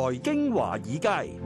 財經華爾街，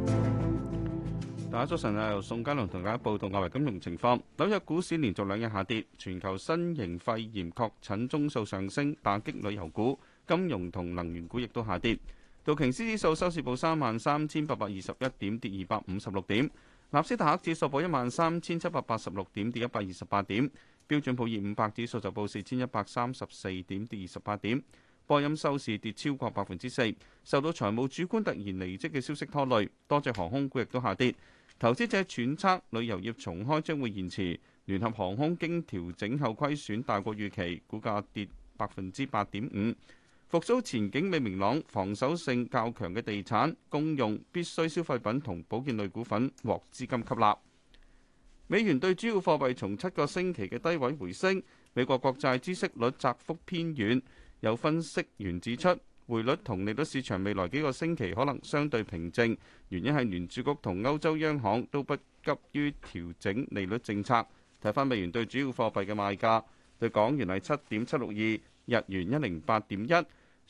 大家早晨啊！由宋嘉倫同大家報道外圍金融情況。紐約股市連續兩日下跌，全球新型肺炎確診宗數上升，打擊旅遊股、金融同能源股亦都下跌。道瓊斯指數收市報三萬三千八百二十一點，跌二百五十六點；納斯達克指數報一萬三千七百八十六點，跌一百二十八點；標準普爾五百指數就報四千一百三十四點，跌二十八點。波音收市跌超過百分之四，受到財務主管突然離職嘅消息拖累。多隻航空股亦都下跌。投資者揣測旅遊業重開將會延遲，聯合航空經調整後虧損大過預期股，股價跌百分之八點五。復甦前景未明朗，防守性較強嘅地產、公用、必須消費品同保健類股份獲資金吸納，美元對主要貨幣從七個星期嘅低位回升。美國國債孳息率窄幅偏軟。有分析員指出，匯率同利率市場未來幾個星期可能相對平靜，原因係聯儲局同歐洲央行都不急於調整利率政策。睇返美元對主要貨幣嘅賣價，對港元係七點七六二，日元一零八點一，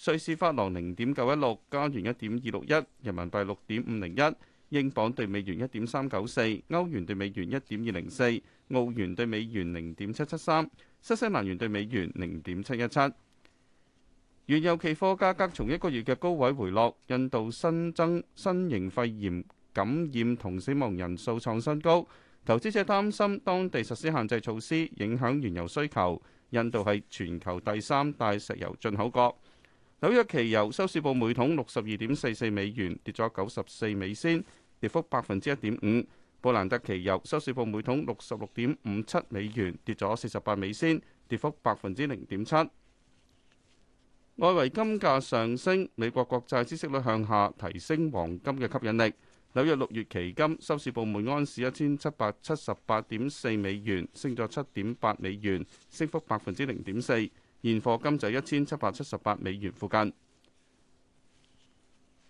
瑞士法郎零點九一六，加元一點二六一，人民幣六點五零一，英鎊對美元一點三九四，歐元對美元一點二零四，澳元對美元零點七七三，新西蘭元對美元零點七一七。原油期貨價格從一個月嘅高位回落。印度新增新型肺炎感染同死亡人數創新高，投資者擔心當地實施限制措施影響原油需求。印度係全球第三大石油進口國。紐約期油收市報每桶六十二點四四美元，跌咗九十四美仙，跌幅百分之一點五。布蘭特期油收市報每桶六十六點五七美元，跌咗四十八美仙，跌幅百分之零點七。外圍金價上升，美國國債孳息率向下，提升黃金嘅吸引力。紐約六月期金收市報每安士一千七百七十八點四美元，升咗七點八美元，升幅百分之零點四。現貨金就一千七百七十八美元附近。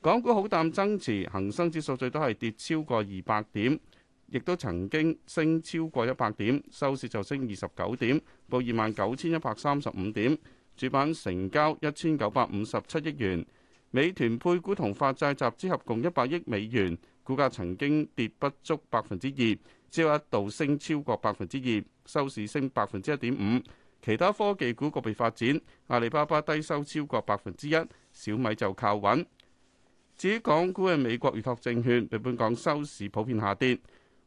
港股好淡，增持恒生指數最多係跌超過二百點，亦都曾經升超過一百點，收市就升二十九點，報二萬九千一百三十五點。主板成交一千九百五十七億元，美團配股同發債集資合共一百億美元，股價曾經跌不足百分之二，只有一度升超過百分之二，收市升百分之一點五。其他科技股個別發展，阿里巴巴低收超過百分之一，小米就靠穩。至於港股嘅美國預託證券，被本港收市普遍下跌，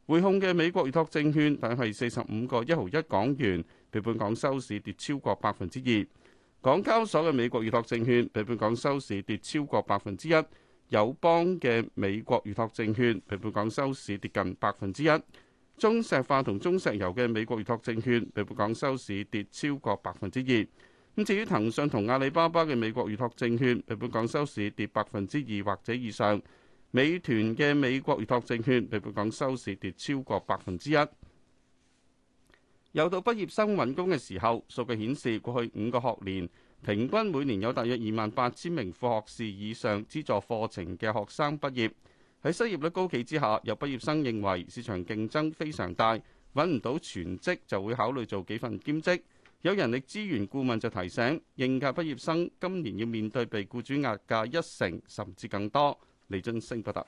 匯控嘅美國預託證券但係四十五個一毫一港元，被本港收市跌超過百分之二。港交所嘅美國預託證券比本港收市跌超過百分之一，友邦嘅美國預託證券比本港收市跌近百分之一，中石化同中石油嘅美國預託證券比本港收市跌超過百分之二。咁至於騰訊同阿里巴巴嘅美國預託證券比本港收市跌百分之二或者以上，美團嘅美國預託證券比本港收市跌超過百分之一。有到畢業生揾工嘅時候，數據顯示過去五個學年平均每年有大約二萬八千名副學士以上資助課程嘅學生畢業。喺失業率高企之下，有畢業生認為市場競爭非常大，揾唔到全職就會考慮做幾份兼職。有人力資源顧問就提醒應屆畢業生今年要面對被僱主壓價一成甚至更多，李晉升不達。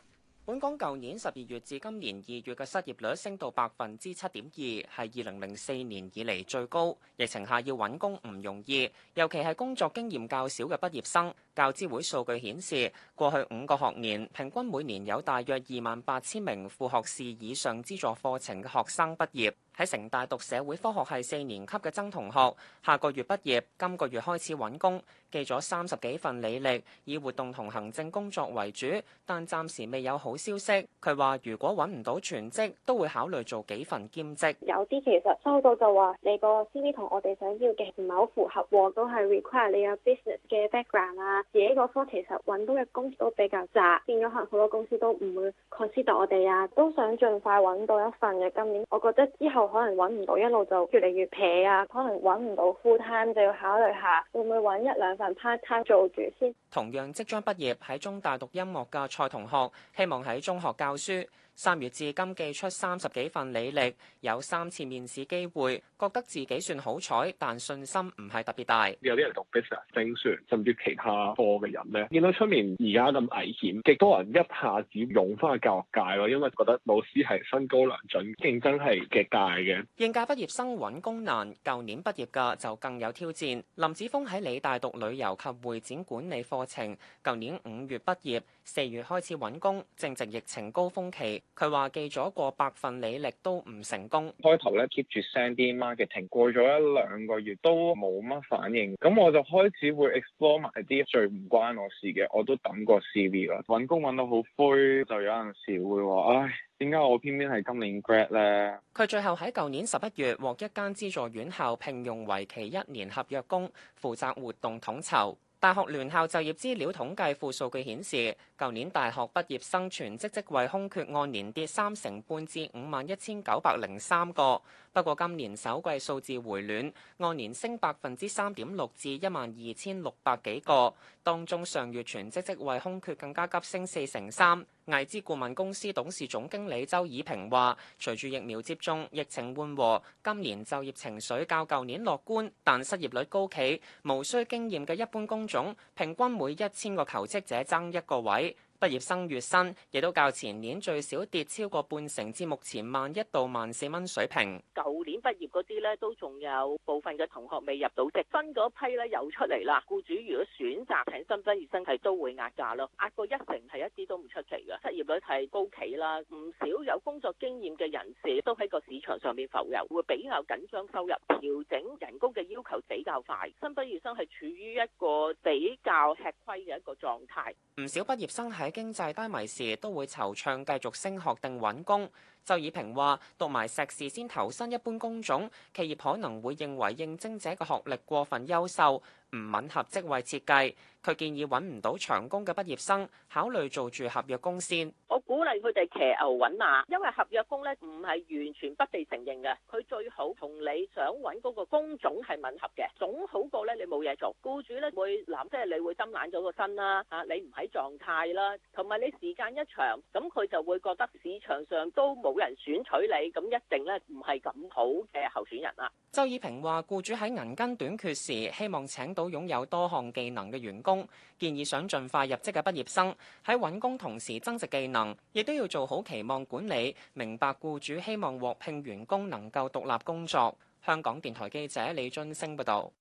本港舊年十二月至今年二月嘅失業率升到百分之七點二，係二零零四年以嚟最高。疫情下要揾工唔容易，尤其係工作經驗較少嘅畢業生。教資會數據顯示，過去五個學年平均每年有大約二萬八千名副學士以上資助課程嘅學生畢業。喺城大讀社會科學系四年級嘅曾同學，下個月畢業，今個月開始揾工，寄咗三十幾份履歷，以活動同行政工作為主，但暫時未有好消息。佢話如果揾唔到全職，都會考慮做幾份兼職。有啲其實收到就話你個 CV 同我哋想要嘅唔係好符合，都係 require 你有 business 嘅 background 啊。自己嗰科其實揾到嘅工都比較窄，變咗可能好多公司都唔會 consider 我哋啊。都想盡快揾到一份嘅。今年我覺得之後。可能揾唔到，一路就越嚟越撇啊！可能揾唔到 full time，就要考慮下會唔會揾一兩份 part time 做住先。同樣即將畢業喺中大讀音樂嘅蔡同學，希望喺中學教書。三月至今寄出三十幾份履歷，有三次面試機會，覺得自己算好彩，但信心唔係特別大。有啲人讀 business 精算甚至其他科嘅人呢？見到出面而家咁危險，極多人一下子湧翻去教育界咯，因為覺得老師係身高良準，競爭係極大嘅。應屆畢業生揾工難，舊年畢業嘅就更有挑戰。林子峰喺理大讀旅遊及會展管理課程，舊年五月畢業，四月開始揾工，正值疫情高峰期。佢話寄咗過百份履歷都唔成功。開頭咧，keep 住 send 啲 marketing，過咗一兩個月都冇乜反應。咁我就開始會 explore 埋啲最唔關我事嘅，我都等過 CV 啦。揾工揾到好灰，就有陣時會話：「唉，點解我偏偏係今年 grad 咧？」佢最後喺舊年十一月獲一間資助院校聘用，為期一年合約工，負責活動統籌。大學聯校就業資料統計庫數據顯示，舊年大學畢業生全職職位空缺按年跌三成半至五萬一千九百零三個。不過今年首季數字回暖，按年升百分之三點六至一萬二千六百幾個，當中上月全職職位空缺更加急升四成三。偽資顧問公司董事總經理周以平話，隨住疫苗接種、疫情緩和，今年就業情緒較舊年樂觀，但失業率高企，無需經驗嘅一般工種，平均每一千個求職者爭一個位。畢業生月薪亦都較前年最少跌超過半成，至目前萬一到萬四蚊水平。舊年畢業嗰啲咧，都仲有部分嘅同學未入到職，分嗰批咧又出嚟啦。僱主如果選擇請新畢業生，係都會壓價咯，壓過一成係一啲都唔出奇嘅。失業率係高企啦，唔少有工作經驗嘅人士都喺個市場上面浮遊，會比較緊張收入調整人工嘅要求比較快。新畢業生係處於一個比較吃虧嘅一個狀態。唔少畢業生喺經濟低迷時，都會惆悵繼續升學定揾工。周以平話：讀埋碩士先投身一般工種，企業可能會認為應徵者嘅學歷過分優秀，唔吻合職位設計。佢建議揾唔到長工嘅畢業生考慮做住合約工先。我鼓勵佢哋騎牛揾馬，因為合約工咧唔係完全不被承認嘅。佢最好同你想揾嗰個工種係吻合嘅，總好過咧你冇嘢做。僱主咧會諗，即係你會針眼咗個身啦，吓你唔喺狀態啦，同埋你時間一長，咁佢就會覺得市場上都冇。人選取你咁一定咧，唔係咁好嘅候選人啦。周以平話，僱主喺銀根短缺時，希望請到擁有多項技能嘅員工。建議想盡快入職嘅畢業生喺揾工同時增值技能，亦都要做好期望管理，明白僱主希望獲聘員工能夠獨立工作。香港電台記者李津星報導。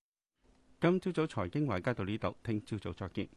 今朝早財經華爾街到呢度，聽朝早再見。